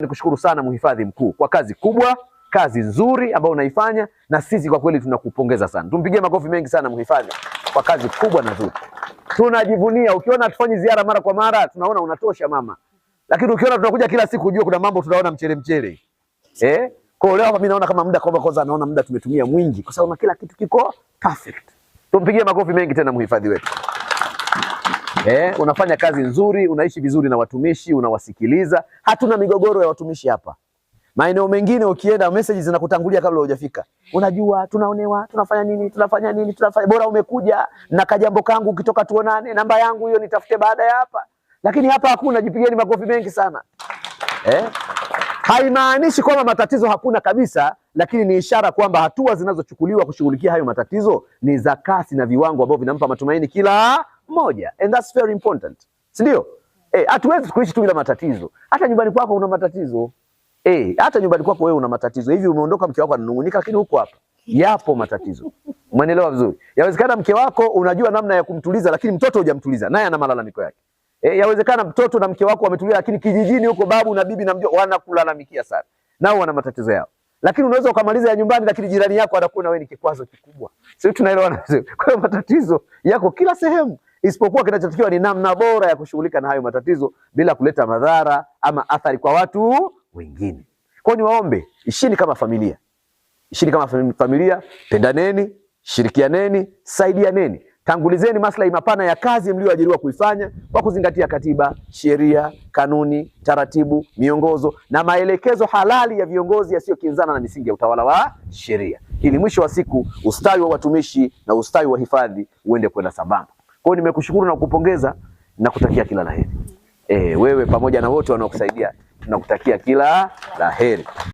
Nikushukuru sana mhifadhi mkuu kwa kazi kubwa, kazi nzuri ambayo unaifanya, na sisi kwa kweli tunakupongeza sana. Tumpigie makofi mengi sana mhifadhi kwa kazi kubwa na nzuri. Tunajivunia ukiona tufanye ziara mara kwa mara, tunaona unatosha mama, lakini ukiona tunakuja kila siku, ujue kuna mambo tunaona mchele mchele eh. Kwa leo hapa mimi naona kama muda kwa kwanza naona muda tumetumia mwingi, kwa sababu kila kitu kiko perfect. Tumpigie makofi mengi tena mhifadhi wetu eh, unafanya kazi nzuri, unaishi vizuri na watumishi, unawasikiliza. Hatuna migogoro ya watumishi hapa. Maeneo mengine ukienda, message zinakutangulia kabla hujafika. Unajua tunaonewa, tunafanya nini, tunafanya nini, tunafanya bora umekuja na kajambo kangu, ukitoka tuonane, namba yangu hiyo nitafute baada ya hapa. Lakini hapa hakuna, jipigeni makofi mengi sana eh? Haimaanishi kwamba matatizo hakuna kabisa, lakini ni ishara kwamba hatua zinazochukuliwa kushughulikia hayo matatizo ni za kasi na viwango ambavyo vinampa matumaini kila moja, and that's very important, si ndio? Eh, Hatuwezi kuishi tu bila matatizo. Hata nyumbani kwako una matatizo eh, hata nyumbani kwako wewe una matatizo. Hivi umeondoka, mke wako ananungunika, lakini huko hapa yapo matatizo. Umeelewa vizuri? Yawezekana mke wako unajua namna ya kumtuliza, lakini mtoto hujamtuliza, naye ana malalamiko yake. E, yawezekana mtoto na mke wako wametulia, lakini kijijini huko babu na bibi na mjomba wanakulalamikia sana, nao wana matatizo yao. Lakini unaweza ukamaliza ya nyumbani, lakini jirani yako na wewe ni kikwazo kikubwa. Sisi tunaelewana vizuri. Kwa hiyo matatizo yako kila sehemu isipokuwa kinachotakiwa ni namna bora ya kushughulika na hayo matatizo bila kuleta madhara ama athari kwa watu wengine. Kwa hiyo niwaombe, ishini kama familia, ishini kama familia, pendaneni, shirikianeni, saidianeni, tangulizeni maslahi mapana ya kazi mlioajiriwa kuifanya kwa kuzingatia katiba, sheria, kanuni, taratibu, miongozo na maelekezo halali ya viongozi yasiyokinzana na misingi ya utawala wa sheria, ili mwisho wa siku ustawi wa watumishi na ustawi wa hifadhi uende kwenda sambamba. Kwa hiyo nimekushukuru na kukupongeza na kutakia kila laheri. Eh, wewe pamoja na wote wanaokusaidia tunakutakia kila laheri.